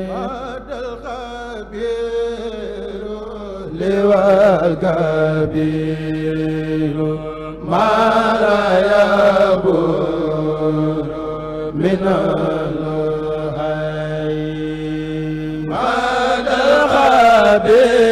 والكبير ما لا يبر من الحي ما الخبير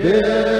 Yeah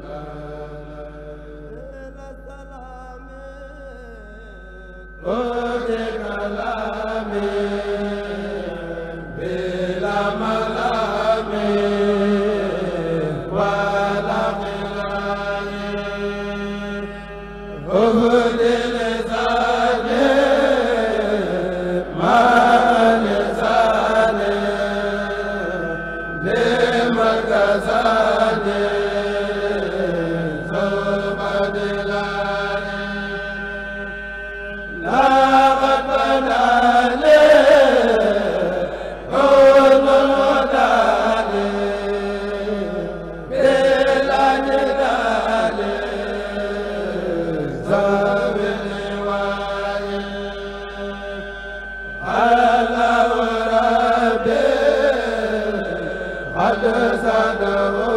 de sa